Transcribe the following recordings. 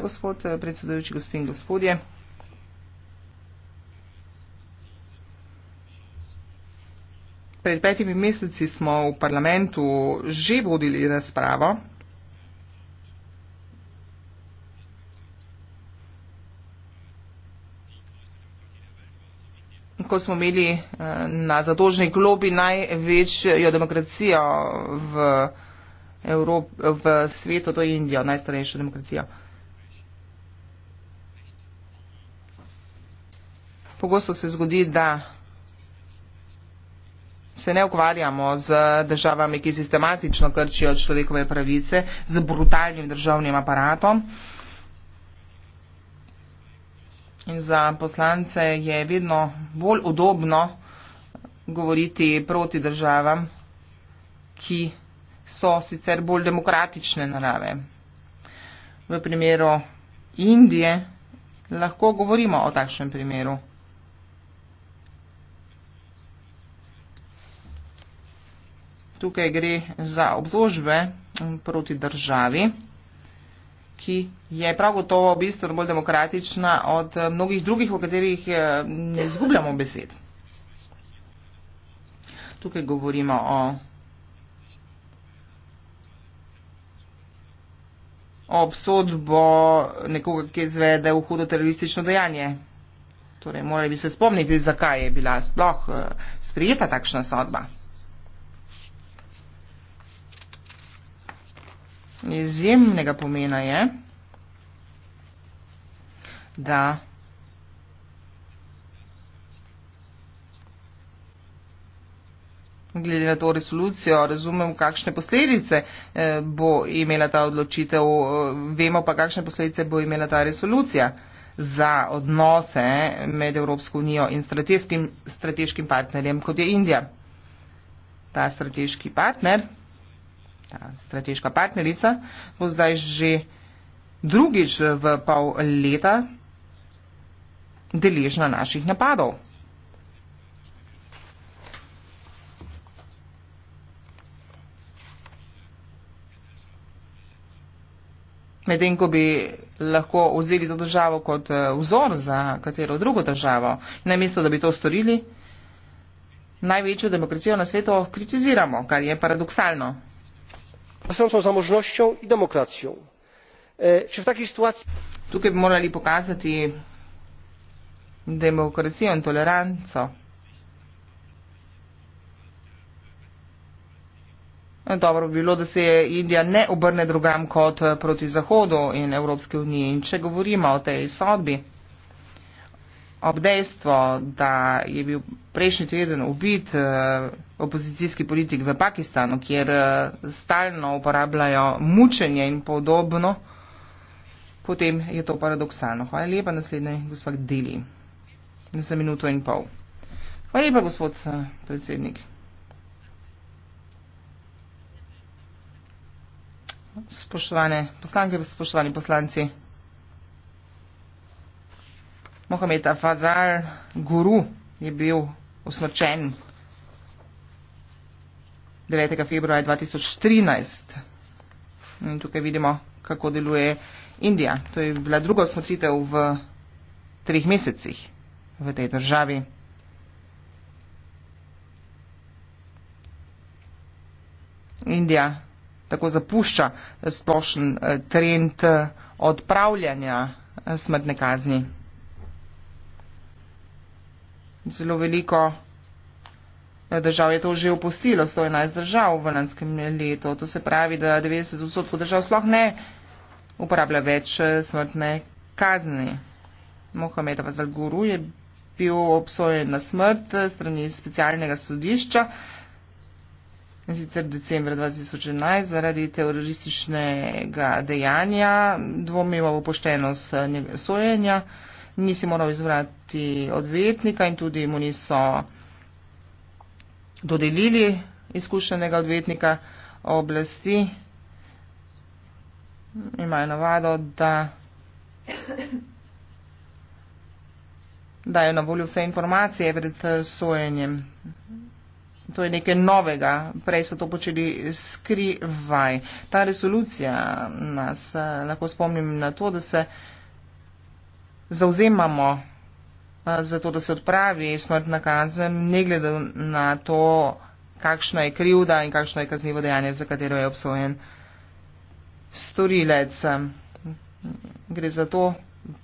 gospod e, predsedujoči gospe in gospodje pred nami je danes dokument ki bo zagotovil večjo učinkovitost pri upravljanju z vodami. pred petimi meseci smo v parlamentu že vodili razpravo ko smo imeli e, na zadolžni globi največjo demokracijo v Evrop, v svetu, to je Indija, najstarejša demokracija. Pogosto se zgodi, da se ne ukvarjamo z državami, ki sistematično krčijo človekove pravice, z brutalnim državnim aparatom. In za poslance je vedno bolj udobno govoriti proti državam, ki so sicer bolj demokratične narave. V primeru Indije lahko govorimo o takšnem primeru. Tukaj gre za obdožbe proti državi, ki je prav gotovo bistveno bolj demokratična od mnogih drugih, v katerih eh, ne izgubljamo besed. Tukaj govorimo o obsodbo nekoga, ki je izvedel hudo teroristično dejanje. Torej, morali bi se spomniti, zakaj je bila sploh eh, sprijeta takšna sodba. Izjemnega pomena je, da glede na to resolucijo, razumem, kakšne posledice eh, bo imela ta odločitev, eh, vemo pa, kakšne posledice bo imela ta resolucija za odnose med Evropsko unijo in strateškim, strateškim partnerjem, kot je Indija. Ta strateški partner, ta strateška partnerica bo zdaj že drugič v pol leta deležna naših napadov. medtem ko bi lahko vzeli to državo kot eh, vzor za katero drugo državo, namesto da bi to storili, največjo demokracijo na svetu kritiziramo, kar je paradoksalno. E, Tukaj bi morali pokazati demokracijo in toleranco. No, dobro bi bilo, da se Indija ne obrne drugam kot eh, proti Zahodu in Evropske unije. In če govorimo o tej sodbi, ob dejstvo, da je bil prejšnji teden ubit eh, opozicijski politik v Pakistanu, kjer eh, stalno uporabljajo mučenje in podobno, potem je to paradoksalno. Hvala lepa, naslednji gospod Dili. Za minuto in pol. Hvala lepa, gospod predsednik. spoštovane poslanke, spoštovani poslanci. Mohameda Fazal, guru, je bil usmrčen 9. februarja 2013. In tukaj vidimo, kako deluje Indija. To je bila druga usmrtitev v treh mesecih v tej državi. Indija tako zapušča splošen eh, trend eh, odpravljanja eh, smrtne kazni. Zelo veliko držav je to že opustilo, 111 držav v lanskem letu. To se pravi, da 90% držav sploh ne uporablja več smrtne kazni. Mohamed Vazalguru je bil obsojen na smrt strani specialnega sodišča. In sicer decembra 2011 zaradi terorističnega dejanja dvomimo v poštenost eh, sojenja, nisi moral izbrati odvetnika in tudi mu niso dodelili izkušenega odvetnika oblasti. Imajo navado, da dajo na voljo vse informacije pred eh, sojenjem. To je nekaj novega, prej so to počeli skrivaj. Ta resolucija nas eh, lahko spomnim na to, da se zauzemamo eh, za to, da se odpravi smrtna kazen, ne glede na to, kakšna je krivda in kakšno je kaznivo dejanje, za katero je obsojen storilec. Gre za to,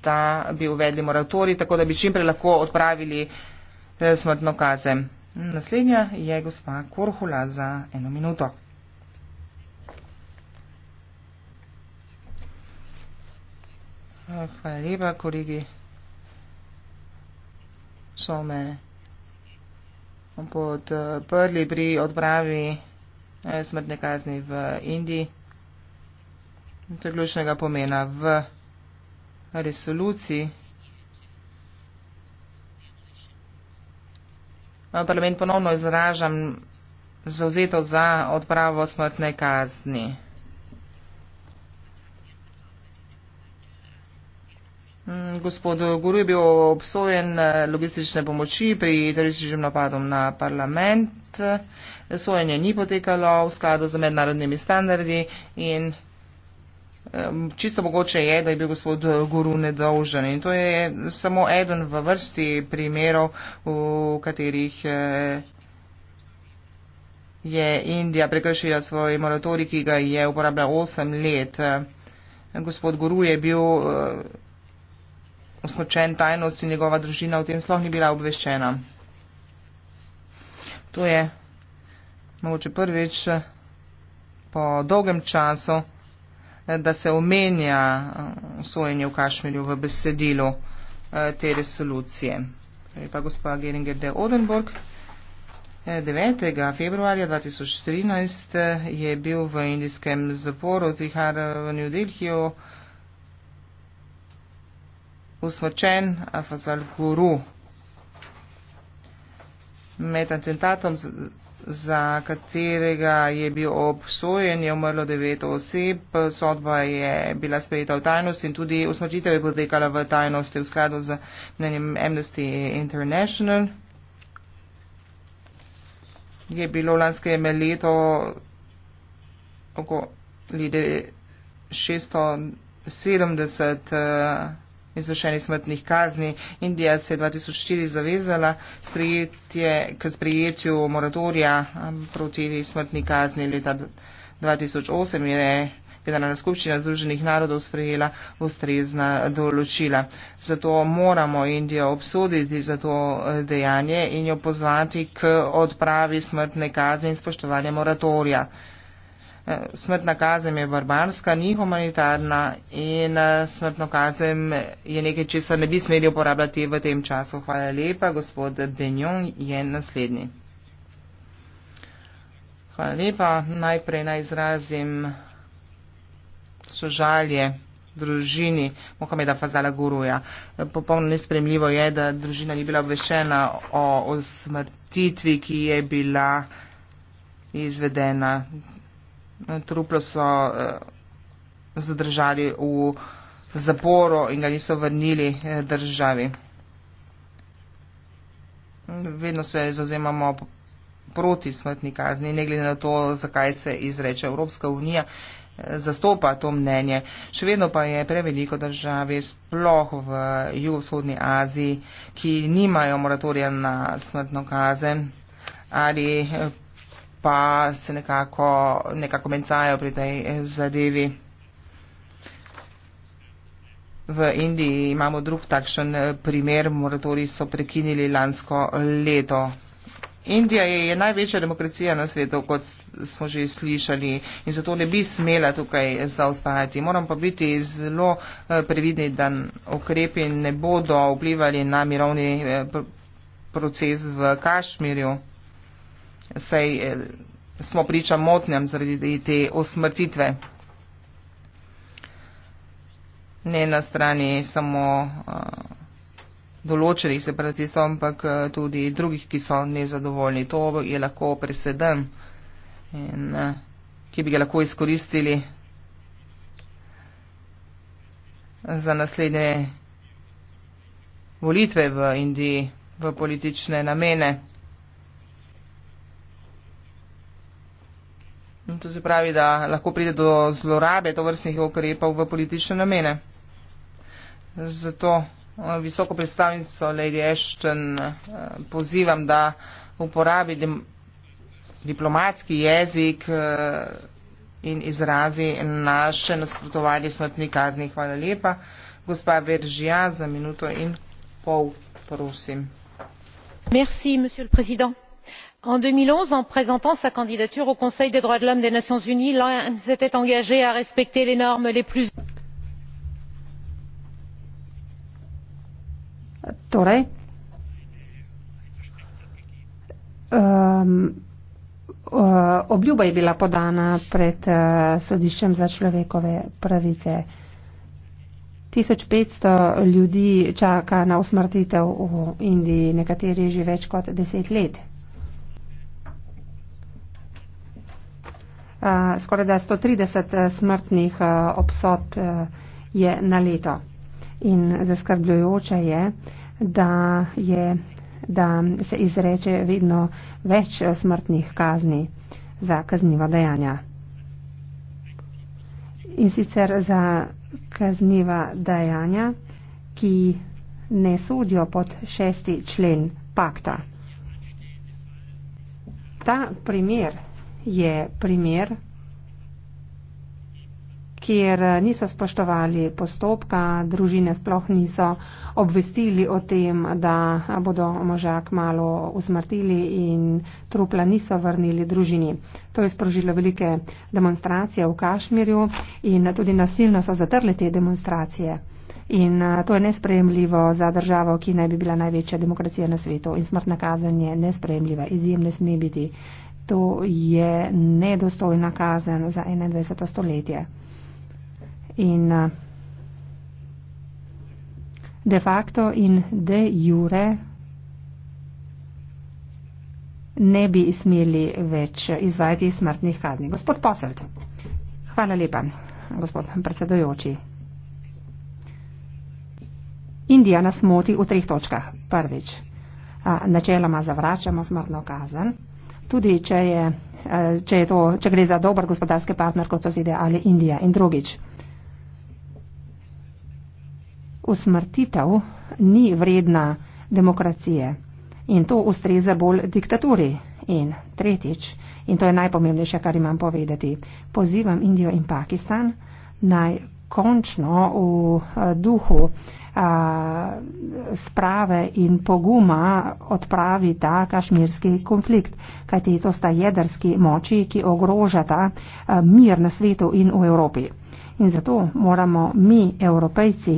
da bi uvedli moratori, tako da bi čimprej lahko odpravili eh, smrtno kazen. Naslednja je gospa Korhula za eno minuto. Hvala lepa, kolegi so me podprli pri odpravi eh, smrtne kazni v Indiji. To je ključnega pomena v resoluciji Parlament ponovno izražam zauzeto za odpravo smrtne kazni. Mm, gospod Guru je bil obsojen eh, logistične pomoči pri terorističnem napadu na parlament. Sojenje ni potekalo v skladu z mednarodnimi standardi in Čisto mogoče je, da je bil gospod Guru nedolžen in to je samo eden v vrsti primerov, v katerih eh, je Indija prekršila svoj moratorij, ki ga je uporabljala 8 let. Gospod Guru je bil eh, usmrčen tajnost in njegova družina v tem sloh ni bila obveščena. To je mogoče prvič eh, po dolgem času da se omenja eh, sojenje v Kašmirju v besedilu eh, te resolucije. Torej pa gospa Geringer de Odenburg, 9. Eh, februarja 2013 je bil v indijskem zaporu Zihar v New Delhiju usmrčen Afazal Guru. Med atentatom za katerega je bil obsojen, je umrlo devet oseb, sodba je bila sprejeta v tajnosti in tudi usmrtitev je potekala v tajnosti v skladu z mnenjem Amnesty International. Je bilo lanske ime leto okoli 670. Uh, izvršenih smrtnih kazni. Indija se je 2004 zavezala sprejetje, k sprejetju moratorija um, proti smrtni kazni leta 2008 in je Generalna skupščina Združenih narodov sprejela ustrezna določila. Zato moramo Indijo obsoditi za to eh, dejanje in jo pozvati k odpravi smrtne kazni in spoštovanje moratorija. Smrtna kazen je barbarska, ni humanitarna in eh, smrtno kazen je nekaj, česar ne bi smeli uporabljati v tem času. Hvala lepa, gospod Benjon je naslednji. Hvala lepa, najprej naj izrazim sožalje družini Mohameda Fazala Guruja. Popolno nespremljivo je, da družina ni bila obveščena o, o smrtitvi, ki je bila izvedena truplo so eh, zadržali v zaporu in ga niso vrnili eh, državi. Vedno se zauzemamo proti smrtni kazni, ne glede na to, zakaj se izreče Evropska unija, eh, zastopa to mnenje. Še vedno pa je preveliko državi, sploh v jugovzhodni Aziji, ki nimajo moratorija na smrtno kazen ali. Eh, pa se nekako, nekako mencajo pri tej zadevi. V Indiji imamo drug takšen eh, primer, moratori so prekinili lansko leto. Indija je največja demokracija na svetu, kot smo že slišali, in zato ne bi smela tukaj zaostajati. Moram pa biti zelo eh, previdni, da ukrepi ne bodo vplivali na mirovni eh, proces v Kašmirju sej eh, smo priča motnjam zaradi te osmrtitve. Ne na strani samo eh, določenih separatistov, ampak eh, tudi drugih, ki so nezadovoljni. To je lahko presedem, in, ki bi ga lahko izkoristili za naslednje volitve v Indiji v politične namene. No, to se pravi, da lahko pride do zlorabe tovrstnih ukrepov v politične namene. Zato eh, visoko predstavnico Lady Ashton eh, pozivam, da uporabi diplomatski jezik eh, in izrazi naše nasprotovanje smrtni kazni. Hvala lepa. Gospa Veržija, za minuto in pol, prosim. Merci, monsieur le président en deux mille onze en présentant sa candidature au conseil des droits de l'homme des nations unies l'inde s'était engagée à respecter les normes les plus torej, um, uh, Obljuba je bila podana pred uh, sodiščem za človekove pravice. 1500 ljudi čaka na usmrtitev v Indiji, nekateri že več kot deset let. skoraj da 130 smrtnih eh, obsodb eh, je na leto. In zaskrbljujoče je, da, je, da se izreče vedno več eh, smrtnih kazni za kazniva dejanja. In sicer za kazniva dejanja, ki ne sodijo pod šesti člen pakta. Ta primer je primer, kjer niso spoštovali postopka, družine sploh niso obvestili o tem, da bodo možak malo usmrtili in trupla niso vrnili družini. To je sprožilo velike demonstracije v Kašmirju in tudi nasilno so zatrli te demonstracije. In to je nespremljivo za državo, ki naj bi bila največja demokracija na svetu. In smrtna kazen je nespremljiva, izjemne sme biti to je nedostojna kazen za 21. stoletje. In eh, de facto in de jure ne bi smeli več izvajati smrtnih kazni. Gospod Poselt, hvala lepa, gospod predsedojoči. Indija nas moti v treh točkah. Prvič, načeloma zavračamo smrtno kazen tudi če, je, eh, če, je to, če gre za dober gospodarski partner, kot so ZDA ali Indija. In drugič, usmrtitev ni vredna demokracije in to ustreza bolj diktaturi. In tretjič, in to je najpomembnejše, kar imam povedati, pozivam Indijo in Pakistan naj končno v eh, duhu sprave in poguma odpravita kašmirski konflikt, kajti to sta jedrski moči, ki ogrožata mir na svetu in v Evropi. In zato moramo mi, evropejci,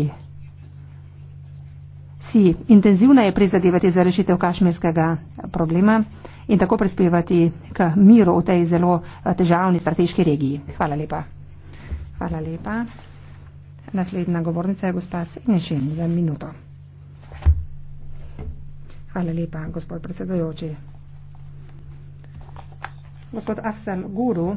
si intenzivneje prizadevati za rešitev kašmirskega problema in tako prispevati k miru v tej zelo težavni strateški regiji. Hvala lepa. Hvala lepa. Naslednja govornica je gospa Sednešin za minuto. Hvala lepa, gospod predsedojoči. Gospod Afsal Guru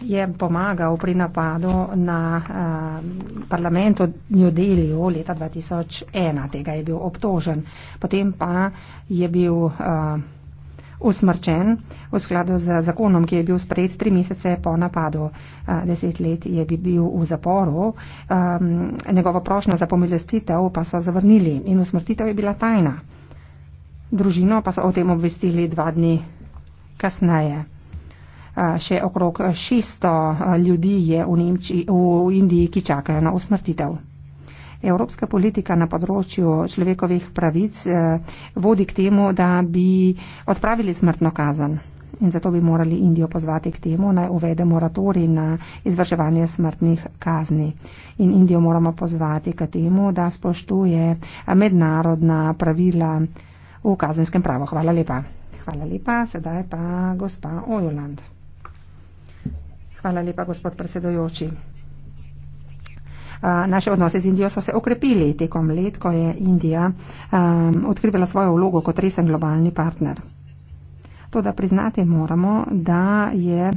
je pomagal pri napadu na a, eh, parlament v New Delhiu leta 2001. Tega je bil obtožen. Potem pa je bil a, eh, usmrčen v skladu z zakonom, ki je bil sprejet tri mesece po napadu. Deset let je bil v zaporu, njegovo prošnjo za pomilostitev pa so zavrnili in usmrtitev je bila tajna. Družino pa so o tem obvestili dva dni kasneje. Še okrog 600 ljudi je v, Nemči, v Indiji, ki čakajo na usmrtitev evropska politika na področju človekovih pravic eh, vodi k temu, da bi odpravili smrtno kazen. In zato bi morali Indijo pozvati k temu, naj uvede moratorij na izvrševanje smrtnih kazni. In Indijo moramo pozvati k temu, da spoštuje mednarodna pravila v kazenskem pravu. Hvala lepa. Hvala lepa. Sedaj pa gospa Ojoland. Hvala lepa, gospod predsedojoči naše odnose z Indijo so se okrepili tekom let, ko je Indija um, odkrivala svojo vlogo kot resen globalni partner. Toda priznati moramo, da je,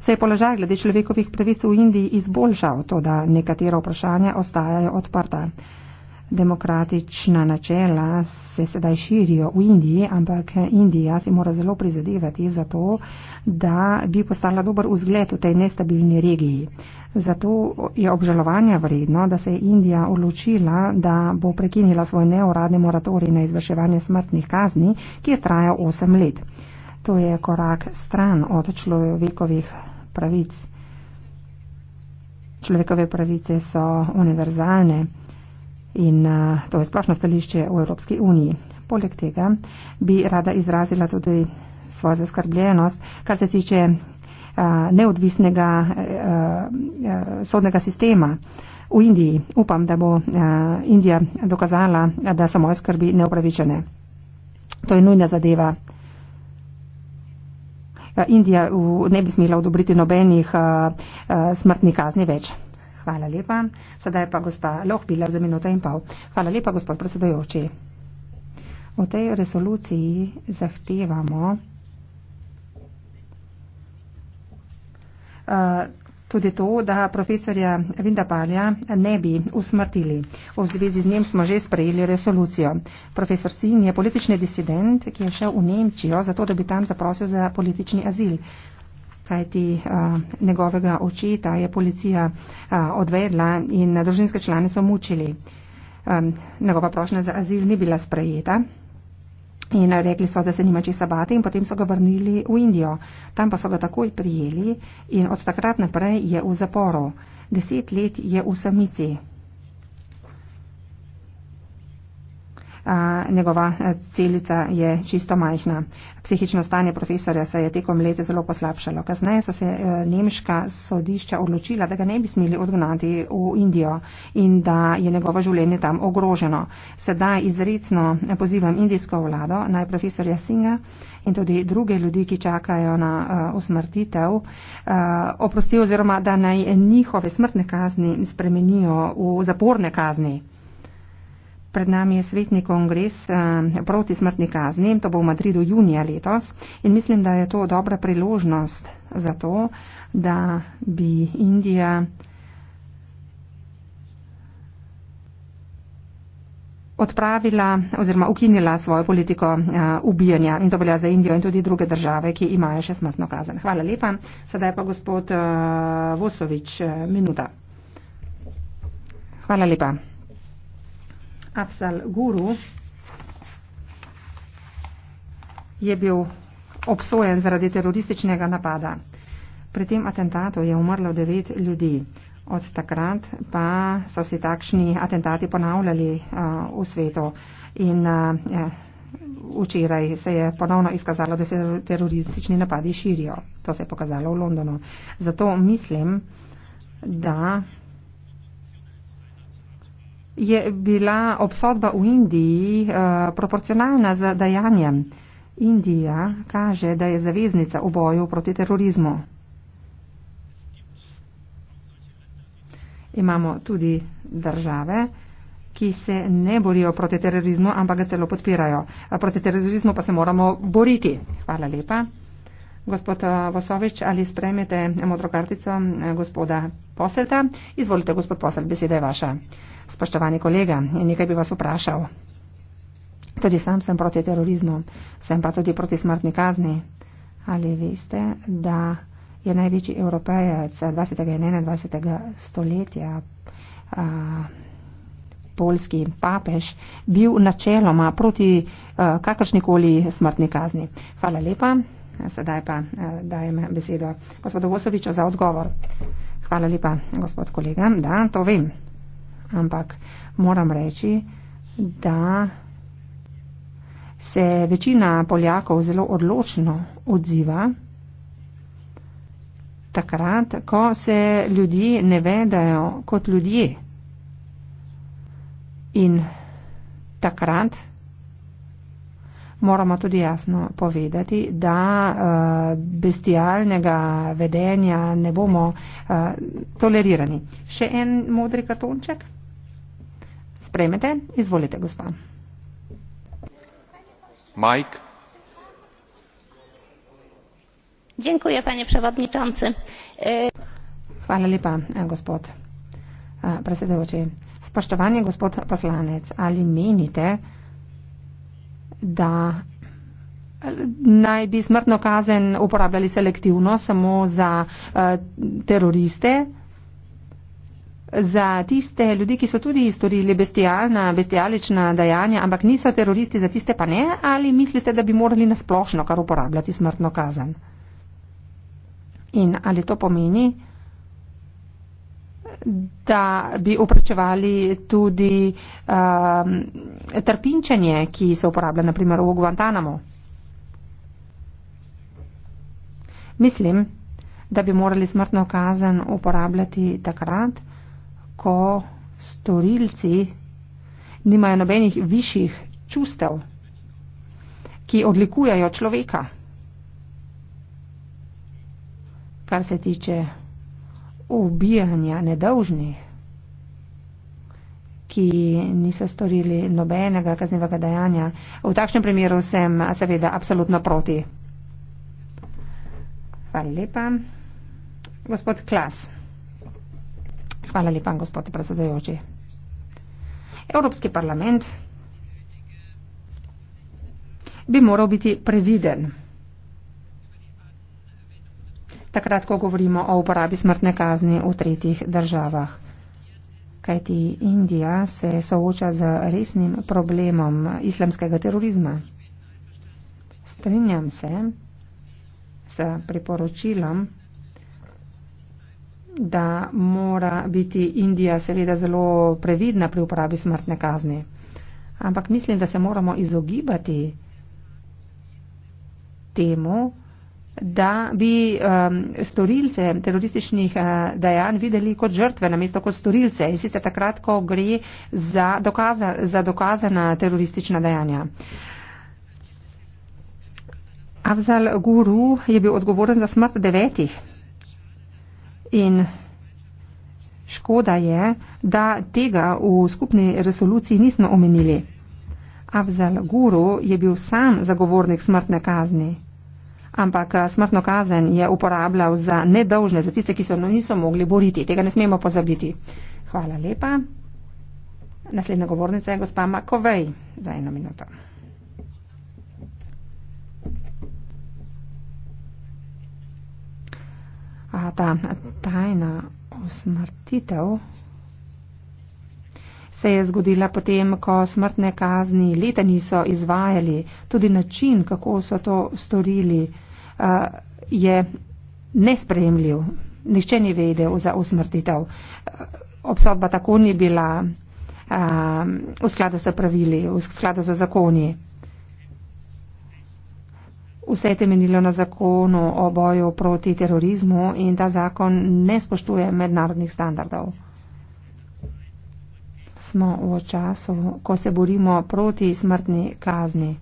se je položaj glede človekovih pravic v Indiji izboljšal, to da nekatera vprašanja ostajajo odprta demokratična načela se sedaj širijo v Indiji, ampak Indija si mora zelo prizadevati za to, da bi postala dober vzgled v tej nestabilni regiji. Zato je obžalovanja vredno, da se je Indija odločila, da bo prekinila svoj neuradni moratorij na izvrševanje smrtnih kazni, ki je trajal 8 let. To je korak stran od človekovih pravic. Človekove pravice so univerzalne in eh, to je splošno stališče v Evropski uniji. Poleg tega bi rada izrazila tudi svojo zaskrbljenost, kar se tiče eh, neodvisnega eh, sodnega sistema v Indiji. Upam, da bo Indija dokazala, da so moje skrbi neupravičene. To je nujna zadeva. Indija ne bi smela odobriti nobenih smrtnih kazni več. Hvala lepa. Sedaj pa gospa Lohbila za minuto in pol. Hvala lepa, gospod predsedojoči. V tej resoluciji zahtevamo uh, tudi to, da profesorja Vindapalja ne bi usmrtili. V zvezi z njim smo že sprejeli resolucijo. Profesor Sin je politični disident, ki je šel v Nemčijo, zato da bi tam zaprosil za politični azil kajti njegovega očeta je policija odvedla in družinske člane so mučili. Njegova prošnja za azil ni bila sprejeta. In rekli so, da se nima česa bati in potem so ga vrnili v Indijo. Tam pa so ga takoj prijeli in od takrat naprej je v zaporu. Deset let je v samici. a, njegova e, celica je čisto majhna. Psihično stanje profesorja se je tekom let zelo poslabšalo. Kasneje so se a, e, nemška sodišča odločila, da ga ne bi smeli odgnati v Indijo in da je njegovo življenje tam ogroženo. Sedaj izredno pozivam indijsko vlado, naj profesorja Singa in tudi druge ljudi, ki čakajo na uh, usmrtitev, uh, oprosti oziroma da naj njihove smrtne kazni spremenijo v zaporne kazni. Pred nami je svetni kongres eh, proti smrtni kazni, to bo v Madridu junija letos in mislim, da je to dobra priložnost za to, da bi Indija odpravila oziroma ukinila svojo politiko eh, ubijanja in to velja za Indijo in tudi druge države, ki imajo še smrtno kazen. Hvala lepa. Sedaj pa gospod eh, Vosovič, minuta. Hvala lepa. Apsal Guru je bil obsojen zaradi terorističnega napada. Pri tem atentatu je umrlo devet ljudi. Od takrat pa so se takšni atentati ponavljali uh, v svetu in uh, včeraj se je ponovno izkazalo, da se teroristični napadi širijo. To se je pokazalo v Londonu. Zato mislim, da je bila obsodba v Indiji eh, proporcionalna z dajanjem. Indija kaže, da je zaveznica v boju proti terorizmu. Imamo tudi države, ki se ne borijo proti terorizmu, ampak ga celo podpirajo. Proti terorizmu pa se moramo boriti. Hvala lepa. Gospod eh, Vosovič, ali sprejmete modro kartico eh, gospoda Poselta? Izvolite, gospod Poselt, beseda je vaša. Spoštovani kolega, nekaj bi vas vprašal. Tudi sam sem proti terorizmu, sem pa tudi proti smrtni kazni. Ali veste, da je največji evropejec 20. in 21. stoletja, a, eh, polski papež, bil načeloma proti a, kakršnikoli smrtni kazni? Hvala lepa. Sedaj pa eh, dajem besedo gospodu Vosoviču za odgovor. Hvala lepa, gospod kolega. Da, to vem. Ampak moram reči, da se večina Poljakov zelo odločno odziva takrat, ko se ljudje ne vedajo kot ljudje. In takrat moramo tudi jasno povedati, da uh, bestialnega vedenja ne bomo uh, tolerirani. Še en modri kartonček. Spremete, izvolite, gospa. Mike. Dziękuję, panie przewodniczący. E, Hvala lepa, e, gospod e, predsedujoči. Spoštovani gospod poslanec, ali menite, da naj bi smrtno kazen uporabljali selektivno samo za eh, teroriste, za tiste ljudi, ki so tudi storili bestialna, bestialična dejanja, ampak niso teroristi, za tiste pa ne, ali mislite, da bi morali nasplošno kar uporabljati smrtno kazen? In ali to pomeni, da bi oprečevali tudi um, trpinčenje, ki se uporablja naprimer v Guantanamo. Mislim, da bi morali smrtno kazen uporabljati takrat, ko storilci nimajo nobenih višjih čustev, ki odlikujajo človeka. Kar se tiče ubijanja nedolžnih, ki niso storili nobenega kaznevega dejanja. V takšnem primeru sem seveda absolutno proti. Hvala lepa. Gospod Klas. Hvala lepa, gospod predsedojoči. Evropski parlament bi moral biti previden takrat, ko govorimo o uporabi smrtne kazni v tretjih državah. Kajti Indija se sooča z resnim problemom islamskega terorizma. Strinjam se s priporočilom, da mora biti Indija seveda zelo previdna pri uporabi smrtne kazni. Ampak mislim, da se moramo izogibati temu, da bi um, storilce terorističnih uh, dejanj videli kot žrtve, namesto kot storilce in sicer takrat, ko gre za, dokaza, za dokazana teroristična dejanja. Avzal Guru je bil odgovoren za smrt devetih in škoda je, da tega v skupni resoluciji nismo omenili. Avzal Guru je bil sam zagovornik smrtne kazni ampak eh, smrtno kazen je uporabljal za nedolžne, za tiste, ki se niso mogli boriti. Tega ne smemo pozabiti. Hvala lepa. Naslednja govornica je gospa Makovej za eno minuto. A ta tajna usmrtitev se je zgodila potem, ko smrtne kazni leta niso izvajali. Tudi način, kako so to storili uh, je nesprejemljiv. Nihče ni vedel za usmrtitev. Obsodba tako ni bila um, v skladu s pravili, v skladu z zakoni. Vse je temenilo na zakonu o boju proti terorizmu in ta zakon ne spoštuje mednarodnih standardov. Smo v času, ko se borimo proti smrtni kazni.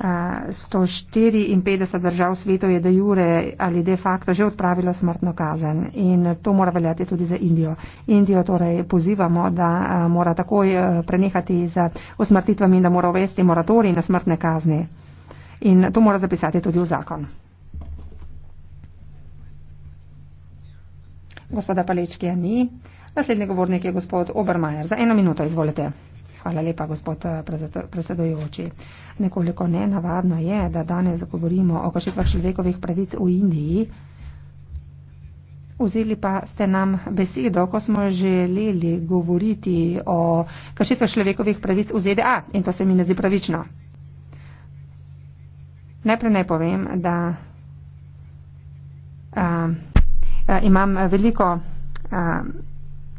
154 držav svetov je de jure ali de facto že odpravilo smrtno kazen in to mora veljati tudi za Indijo. Indijo torej pozivamo, da mora takoj prenehati z usmrtitvami in da mora uvesti moratorij na smrtne kazni. In to mora zapisati tudi v zakon. Gospoda Palečkija ni. Naslednji govornik je gospod Obermajer. Za eno minuto izvolite. Hvala lepa, gospod eh, predsedojoči. Nekoliko nenavadno je, da danes govorimo o kršitvah človekovih pravic v Indiji. Vzeli pa ste nam besedo, ko smo želeli govoriti o kršitvah človekovih pravic v ZDA in to se mi ne zdi pravično. Najprej naj povem, da a, eh, a, eh, imam veliko a,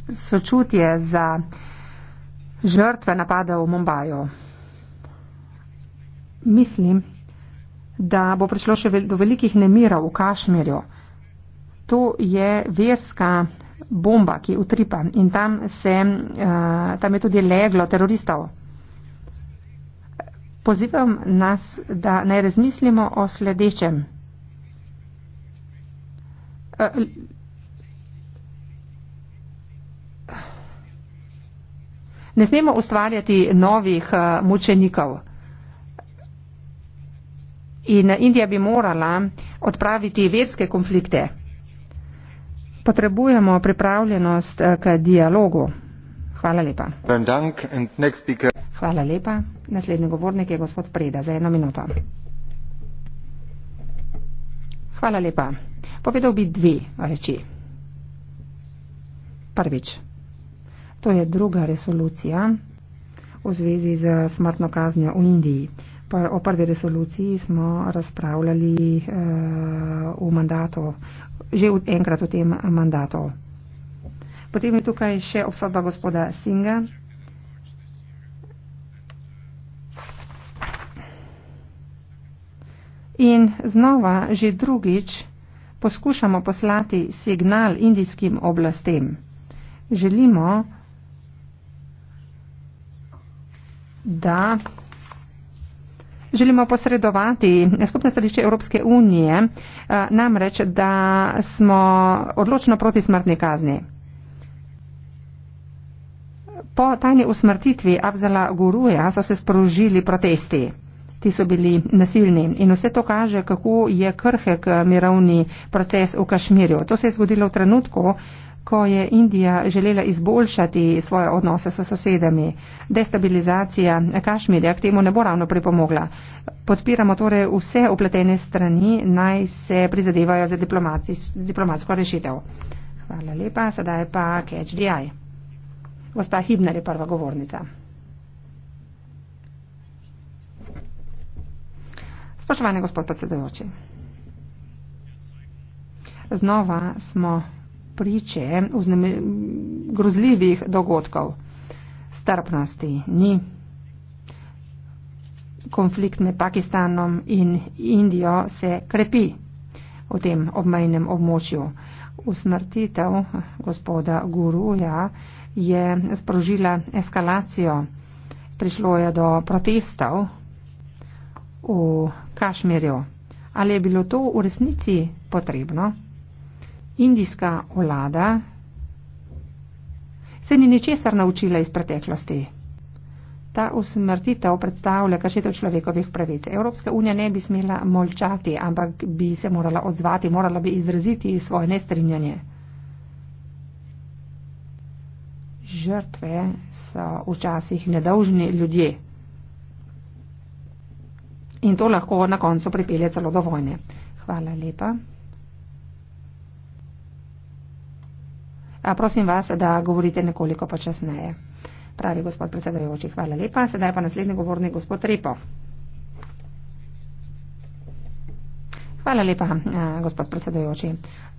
sočutje za žrtve napada v Mumbaju. Mislim, da bo prišlo še do velikih nemirov v Kašmirju. To je verska bomba, ki utripa in tam, se, eh, tam je tudi leglo teroristov. Pozivam nas, da naj razmislimo o sledečem. Eh, Ne smemo ustvarjati novih eh, mučenikov. In eh, Indija bi morala odpraviti verske konflikte. Potrebujemo pripravljenost eh, k dialogu. Hvala lepa. Hvala lepa. Naslednji govornik je gospod Preda za eno minuto. Hvala lepa. Povedal bi dve reči. Prvič. To je druga resolucija v zvezi z smrtno kaznjo v Indiji. O prvi resoluciji smo razpravljali eh, v mandatu, že enkrat v tem mandatu. Potem je tukaj še obsodba gospoda Singa. In znova, že drugič, poskušamo poslati signal indijskim oblastem. Želimo, da želimo posredovati skupne stališče Evropske unije, eh, namreč, da smo odločno proti smrtni kazni. Po tajni usmrtitvi Avzala Guruja so se sprožili protesti. Ti so bili nasilni in vse to kaže, kako je krhek mirovni proces v Kašmirju. To se je zgodilo v trenutku, ko je Indija želela izboljšati svoje odnose s sosedami. Destabilizacija Kašmirja k temu ne bo ravno pripomogla. Podpiramo torej vse upletene strani, naj se prizadevajo za diplomatsko rešitev. Hvala lepa, sedaj pa Catch the Eye. Gospa Hibner je prva govornica. Spoštovani gospod predsedujoči. Znova smo priče grozljivih dogodkov. Strpnosti ni. Konflikt med Pakistanom in Indijo se krepi v tem obmejnem območju. Usmrtitev gospoda Guruja je sprožila eskalacijo. Prišlo je do protestov v Kašmirju. Ali je bilo to v resnici potrebno? Indijska vlada se ni ničesar naučila iz preteklosti. Ta usmrtitev predstavlja kršitev človekovih pravic. Evropska unija ne bi smela molčati, ampak bi se morala odzvati, morala bi izraziti svoje nestrinjanje. Žrtve so včasih nedolžni ljudje. In to lahko na koncu pripelje celo do vojne. Hvala lepa. A prosim vas, da govorite nekoliko počasneje. Pravi gospod predsedojoči, hvala lepa. Sedaj pa naslednji govornik, gospod Repo. Hvala lepa, eh, gospod predsedojoči.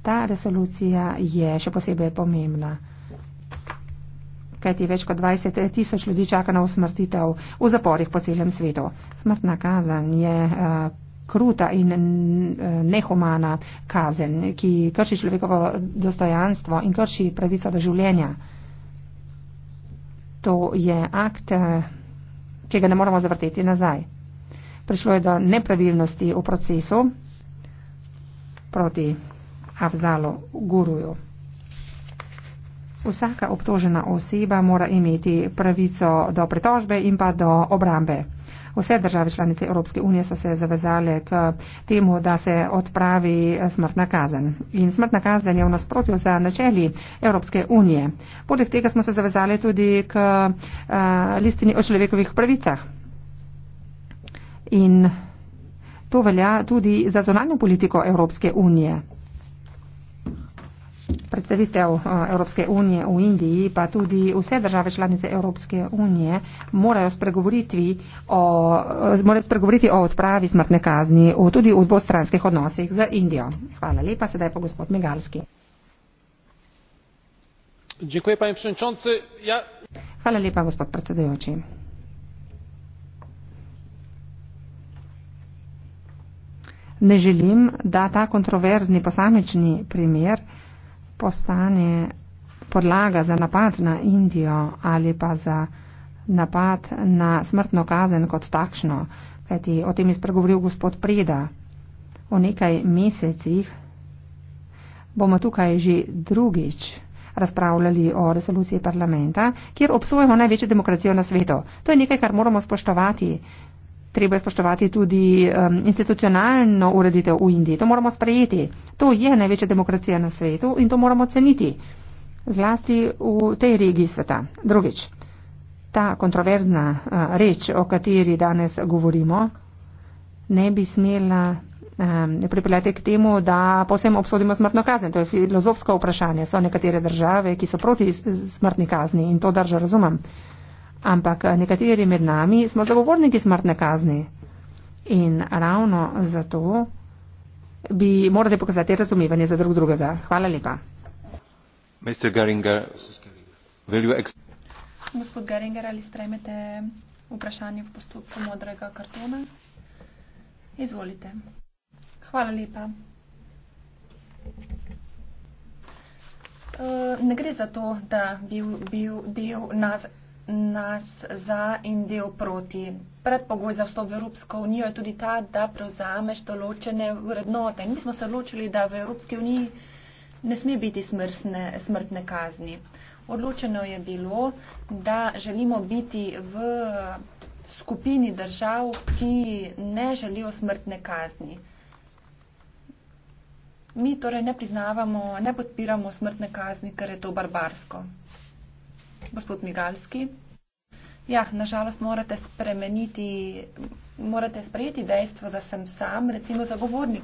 Ta resolucija je še posebej pomembna. Kajti več kot 20 tisoč ljudi čaka na usmrtitev v zaporih po celem svetu. Smrtna kazan je. Uh, kruta in eh, nehumana kazen, ki krši človekovo dostojanstvo in krši pravico do življenja. To je akt, eh, ki ga ne moramo zavrteti nazaj. Prišlo je do nepravilnosti v procesu proti Avzalu Guruju. Vsaka obtožena oseba mora imeti pravico do pritožbe in pa do obrambe. Vse države članice Evropske unije so se zavezale k temu, da se odpravi smrtna kazen. In smrtna kazen je v nasprotju za načeli Evropske unije. Poleg tega smo se zavezali tudi k eh, listini o človekovih pravicah. In to velja tudi za zonalno politiko Evropske unije predstavitev eh, Evropske unije v Indiji, pa tudi vse države članice Evropske unije morajo spregovoriti o, eh, morajo spregovoriti o odpravi smrtne kazni v, tudi v dvostranskih odnosih z Indijo. Hvala lepa, sedaj pa gospod Megalski. Ja- Hvala lepa, gospod predsedujoči. Ne želim, da ta kontroverzni posamični primer postane podlaga za napad na Indijo ali pa za napad na smrtno kazen kot takšno. Kajti o tem je spregovoril gospod Preda. O nekaj mesecih bomo tukaj že drugič razpravljali o resoluciji parlamenta, kjer obsojamo največjo demokracijo na svetu. To je nekaj, kar moramo spoštovati treba je spoštovati tudi um, institucionalno ureditev v Indiji. To moramo sprejeti. To je največja demokracija na svetu in to moramo ceniti. Zlasti v tej regiji sveta. Drugič, ta kontroverzna uh, reč, o kateri danes govorimo, ne bi smela um, pripeljati k temu, da posem obsodimo smrtno kazen. To je filozofsko vprašanje. So nekatere države, ki so proti smrtni kazni in to držo razumem. Uh, Ampak eh, nekateri med nami smo zagovorniki smrtne kazni. In ravno zato bi morali pokazati razumevanje za drug drugega. Hvala lepa. Gospod Geringer, ali sprejmete vprašanje v postopku modrega kartona? Izvolite. Hvala lepa. Uh, ne gre za to, da bi bil del nas nas za in del proti. Predpogoj za vstop v Evropsko unijo je tudi ta, da prevzameš določene vrednote. Mi smo se odločili, da v Evropski uniji ne sme biti smrsne, smrtne kazni. Odločeno je bilo, da želimo biti v skupini držav, ki ne želijo smrtne kazni. Mi torej ne priznavamo, ne podpiramo smrtne kazni, ker je to barbarsko gospod Migalski. Ja, nažalost morate spremeniti, morate sprejeti dejstvo, da sem sam recimo zagovornik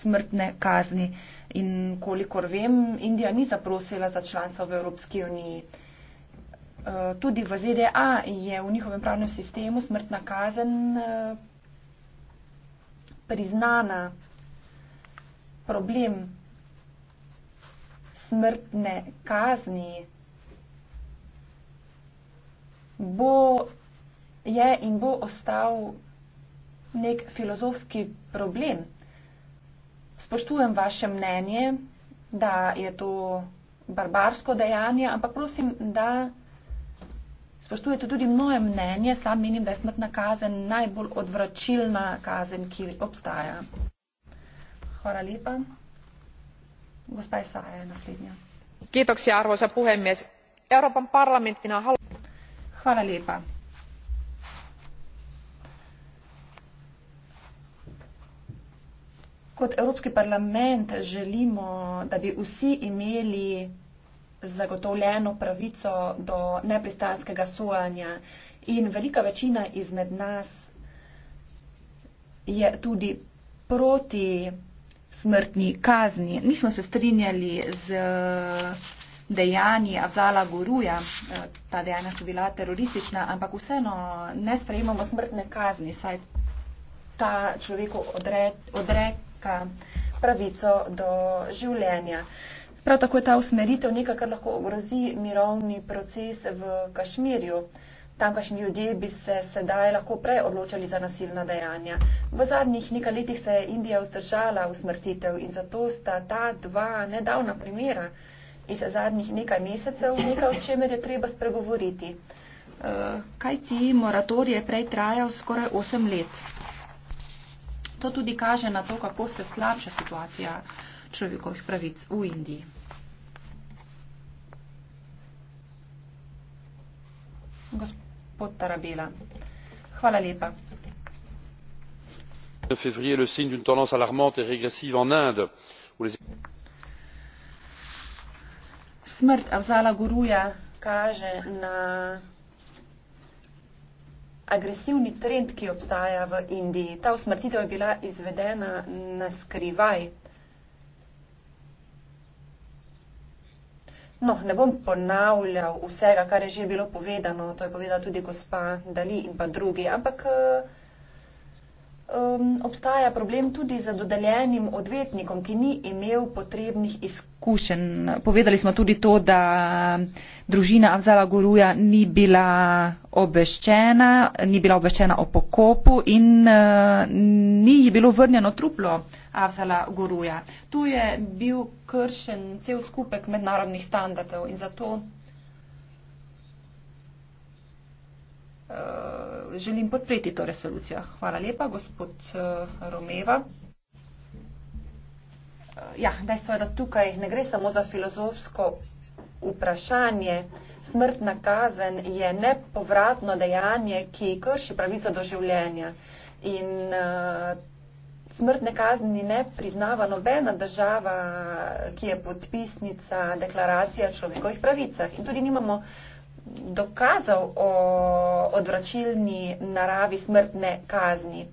smrtne kazni in kolikor vem, Indija ni zaprosila za članstvo v Evropski uniji. Eh, tudi v ZDA je v njihovem pravnem sistemu smrtna kazen eh, priznana problem smrtne kazni bo, je in bo ostal nek filozofski problem. Spoštujem vaše mnenje, da je to barbarsko dejanje, ampak prosim, da spoštujete tudi moje mnenje. Sam menim, da je smrtna kazen najbolj odvračilna kazen, ki obstaja. Hvala lepa. Gospa Isaja je naslednja. Kiitoksia, arvoisa puhemies. Euroopan parlamenttina Hvala lepa. Kot Evropski parlament želimo, da bi vsi imeli zagotovljeno pravico do nepristanskega sojanja in velika večina izmed nas je tudi proti smrtni kazni. Nismo se strinjali z dejanji Avzala Guruja, eh, ta dejanja so bila teroristična, ampak vseeno ne sprejemamo smrtne kazni, saj ta človeku odre, odreka pravico do življenja. Prav tako je ta usmeritev nekaj, kar lahko ogrozi mirovni proces v Kašmirju. Tamkajšnji ljudje bi se sedaj lahko prej odločali za nasilna dejanja. V zadnjih nekaj letih se je Indija vzdržala usmrtitev in zato sta ta dva nedavna primera, iz zadnjih nekaj mesecev nekaj, o čemer je treba spregovoriti. Eh, kaj ti moratorij je prej trajal skoraj 8 let? To tudi kaže na to, kako se slabša situacija človekovih pravic v Indiji. Gospod Tarabela, hvala lepa. Février, le signe d'une tendance alarmante et régressive en Inde. Où les smrt Avzala Guruja kaže na agresivni trend, ki obstaja v Indiji. Ta usmrtitev je bila izvedena na skrivaj. No, ne bom ponavljal vsega, kar je že bilo povedano, to je povedala tudi gospa Dali in pa drugi, ampak uh, um, obstaja problem tudi za dodeljenim odvetnikom, ki ni imel potrebnih izkušenj. Povedali smo tudi to, da družina Avzala Guruja ni bila obveščena, ni bila obveščena o pokopu in uh, ni ji bilo vrnjeno truplo Avzala Guruja. Tu je bil kršen cel skupek mednarodnih standardov in zato. Eh, želim podpreti to resolucijo. Hvala lepa, gospod eh, Romeva. Eh, ja, dejstvo je, da tukaj ne gre samo za filozofsko vprašanje. Smrtna kazen je nepovratno dejanje, ki krši pravico do življenja. In uh, smrtne kazni ne priznava nobena država, ki je podpisnica deklaracije o človekovih pravicah. In tudi nimamo uh, dokazov o odvračilni naravi smrtne kazni.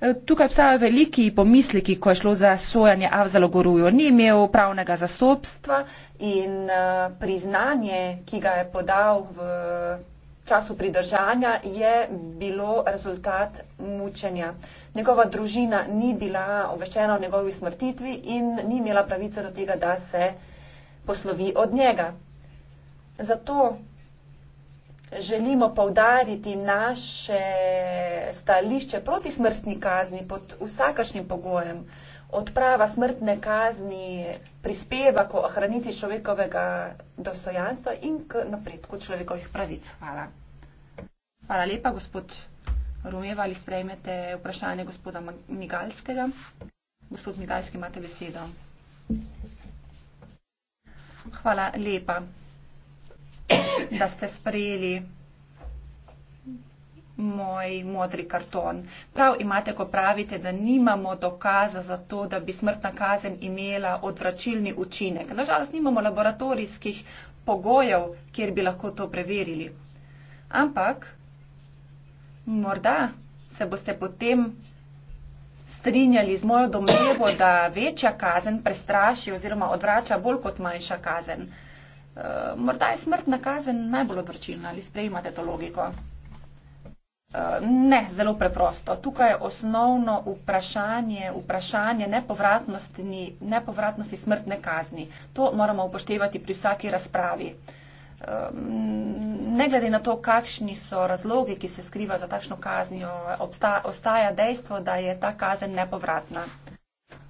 E, tukaj obstajajo veliki pomisliki, ko je šlo za sojanje Avzalo Goruju. Ni imel pravnega zastopstva in e, priznanje, ki ga je podal v času pridržanja, je bilo rezultat mučenja. Njegova družina ni bila obveščena o njegovi smrtitvi in ni imela pravice do tega, da se poslovi od njega. Zato želimo povdariti naše stališče proti smrtni kazni pod vsakašnjim pogojem. Odprava smrtne kazni prispeva k ohranici človekovega dostojanstva in k napredku človekovih pravic. Hvala. Hvala lepa, gospod Rumeva, ali sprejmete vprašanje gospoda Migalskega. Gospod Migalski, imate besedo. Hvala lepa da ste sprejeli moj modri karton. Prav imate, ko pravite, da nimamo dokaza za to, da bi smrtna kazen imela odvračilni učinek. Nažalost, nimamo laboratorijskih pogojev, kjer bi lahko to preverili. Ampak morda se boste potem strinjali z mojo domnevo, da večja kazen prestraši oziroma odvrača bolj kot manjša kazen. Eh, morda je smrtna kazen najbolj odvrčilna, ali sprejimate to logiko? Eh, ne, zelo preprosto. Tukaj je osnovno vprašanje, vprašanje nepovratnosti, nepovratnosti smrtne kazni. To moramo upoštevati pri vsaki razpravi. Eh, ne glede na to, kakšni so razloge, ki se skriva za takšno kaznijo, ostaja dejstvo, da je ta kazen nepovratna.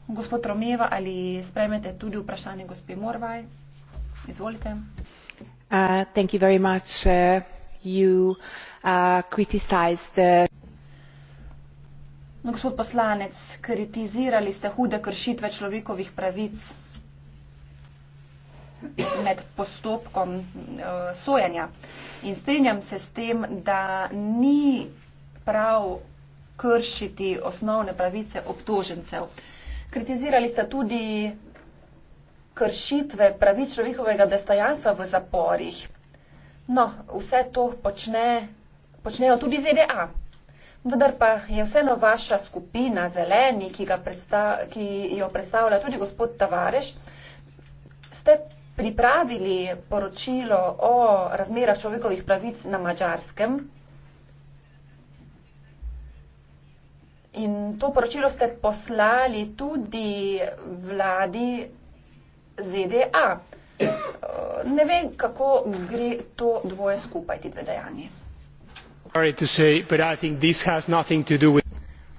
Gospod Romeva, ali sprejmete tudi vprašanje gospe Morvaj? Uh, thank you very much. Uh, you uh, criticized the uh, No, gospod poslanec, kritizirali ste hude kršitve človekovih pravic med postopkom uh, sojanja. In strenjam se s tem, da ni prav kršiti osnovne pravice obtožencev. Kritizirali ste tudi kršitve pravic človekovega dostojanstva v zaporih. No, vse to počne, počnejo tudi ZDA. Vendar pa je vseeno vaša skupina zeleni, ki, predstav, ki jo predstavlja tudi gospod Tavareš, ste pripravili poročilo o razmerah človekovih pravic na mačarskem. In to poročilo ste poslali tudi vladi ZDA. Eh, ne vem, kako gre to dvoje skupaj, ti dve dejanje.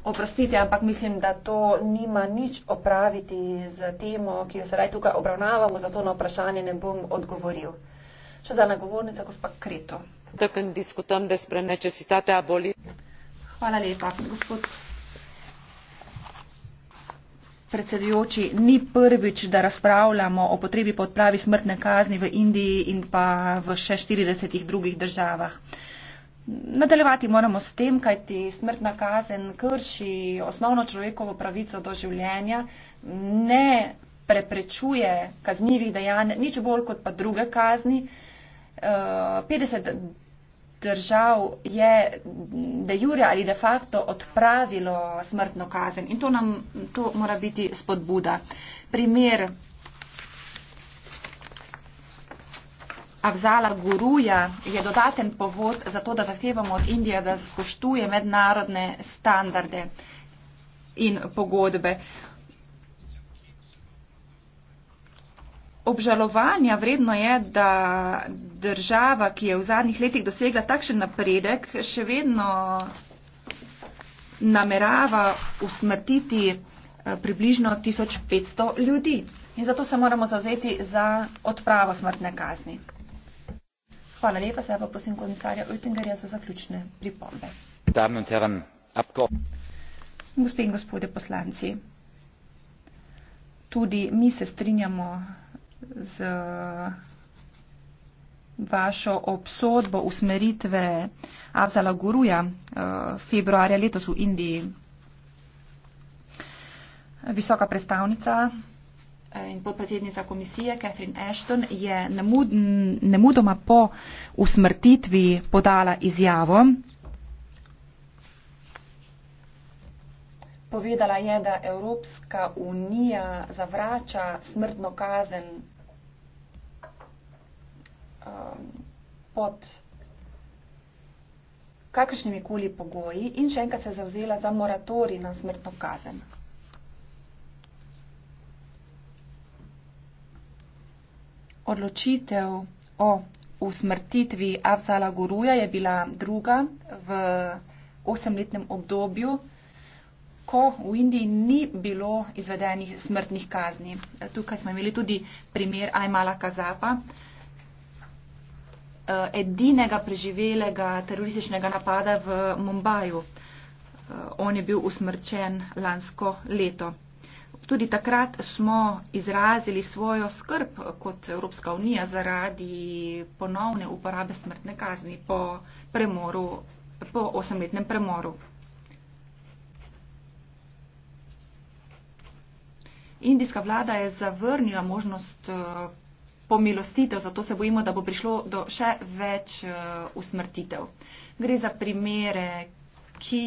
Oprostite, ampak mislim, da to nima nič opraviti z temo, ki jo sedaj tukaj obravnavamo, zato na vprašanje ne bom odgovoril. Še za nagovornica, gospa Kreto. Hvala lepa, gospod predsedujoči, ni prvič, da razpravljamo o potrebi po odpravi smrtne kazni v Indiji in pa v še 40 drugih državah. Nadaljevati moramo s tem, kaj ti smrtna kazen krši osnovno človekovo pravico do življenja, ne preprečuje kaznjivih dejanj, nič bolj kot pa druge kazni. 50 eh, držav je de jure ali de facto odpravilo smrtno kazen in to nam to mora biti spodbuda. Primer Avzala Guruja je dodaten povod za to, da zahtevamo od Indije, da spoštuje mednarodne standarde in pogodbe. Obžalovanja vredno je, da država, ki je v zadnjih letih dosegla takšen napredek, še vedno namerava usmrtiti eh, približno 1500 ljudi. In zato se moramo zavzeti za odpravo smrtne kazni. Hvala lepa, sedaj pa prosim komisarja Oettingerja za zaključne pripombe. Gospe in gospode poslanci, tudi mi se strinjamo z vašo obsodbo usmeritve Avzala Guruja eh, februarja letos v Indiji. Visoka predstavnica eh, in podpredsednica komisije Catherine Ashton je nemudoma po usmrtitvi podala izjavo. Povedala je, da Evropska unija zavrača smrtno kazen um, pod kakršnimi koli pogoji in še enkrat se zavzela za moratori na smrtno kazen. Odločitev o usmrtitvi Avsala Guruja je bila druga v osemletnem obdobju, ko v Indiji ni bilo izvedenih smrtnih kazni. Tukaj smo imeli tudi primer Aymala Kazapa, uh, edinega preživelega terorističnega napada v Mumbaju. Uh, eh, on je bil usmrčen lansko leto. Tudi takrat smo izrazili svojo skrb kot Evropska unija zaradi ponovne uporabe smrtne kazni po, premoru, po osemletnem premoru. Indijska vlada je zavrnila možnost eh, pomilostitev, zato se bojimo, da bo prišlo do še več eh, usmrtitev. Gre za primere, ki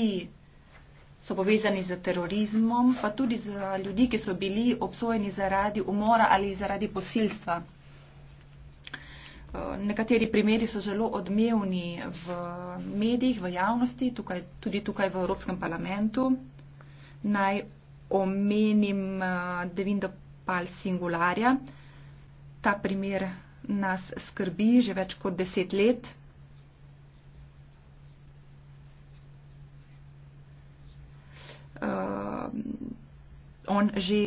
so povezani z terorizmom, pa tudi za ljudi, ki so bili obsojeni zaradi umora ali zaradi posilstva. Eh, nekateri primeri so zelo odmevni v medijih, v javnosti, tukaj, tudi tukaj v Evropskem parlamentu. Naj omenim eh, Devindopal Singularja, ta primer nas skrbi že več kot deset let. Eh, on že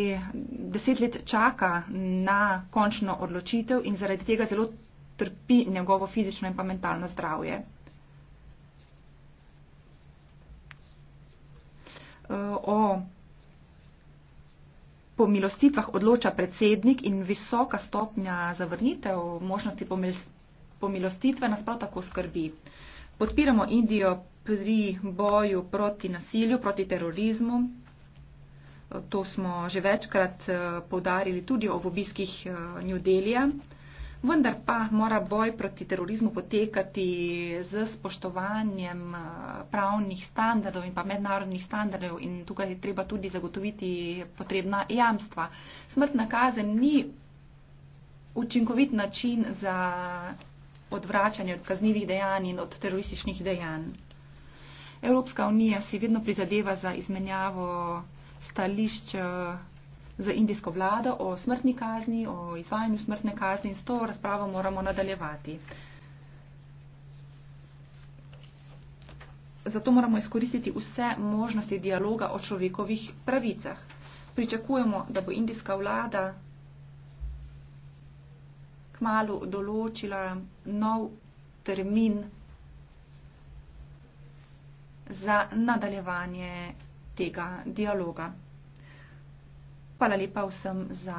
deset let čaka na končno odločitev in zaradi tega zelo trpi njegovo fizično in pa mentalno zdravje. po milostitvah odloča predsednik in visoka stopnja zavrnitev možnosti pomilostitve nas prav tako skrbi. Podpiramo Indijo pri boju proti nasilju, proti terorizmu. To smo že večkrat eh, poudarili tudi ob obiskih eh, New Delhija. Vendar pa mora boj proti terorizmu potekati z spoštovanjem eh, pravnih standardov in pa mednarodnih standardov in tukaj je treba tudi zagotoviti potrebna jamstva. Smrtna kazen ni učinkovit način za odvračanje od kaznivih dejanj in od terorističnih dejanj. Evropska unija si vedno prizadeva za izmenjavo stališča eh, z indijsko vlado o smrtni kazni, o izvajanju smrtne kazni in s to razpravo moramo nadaljevati. Zato moramo izkoristiti vse možnosti dialoga o človekovih pravicah. Pričakujemo, da bo indijska vlada kmalo določila nov termin za nadaljevanje tega dialoga. Hvala lepa vsem za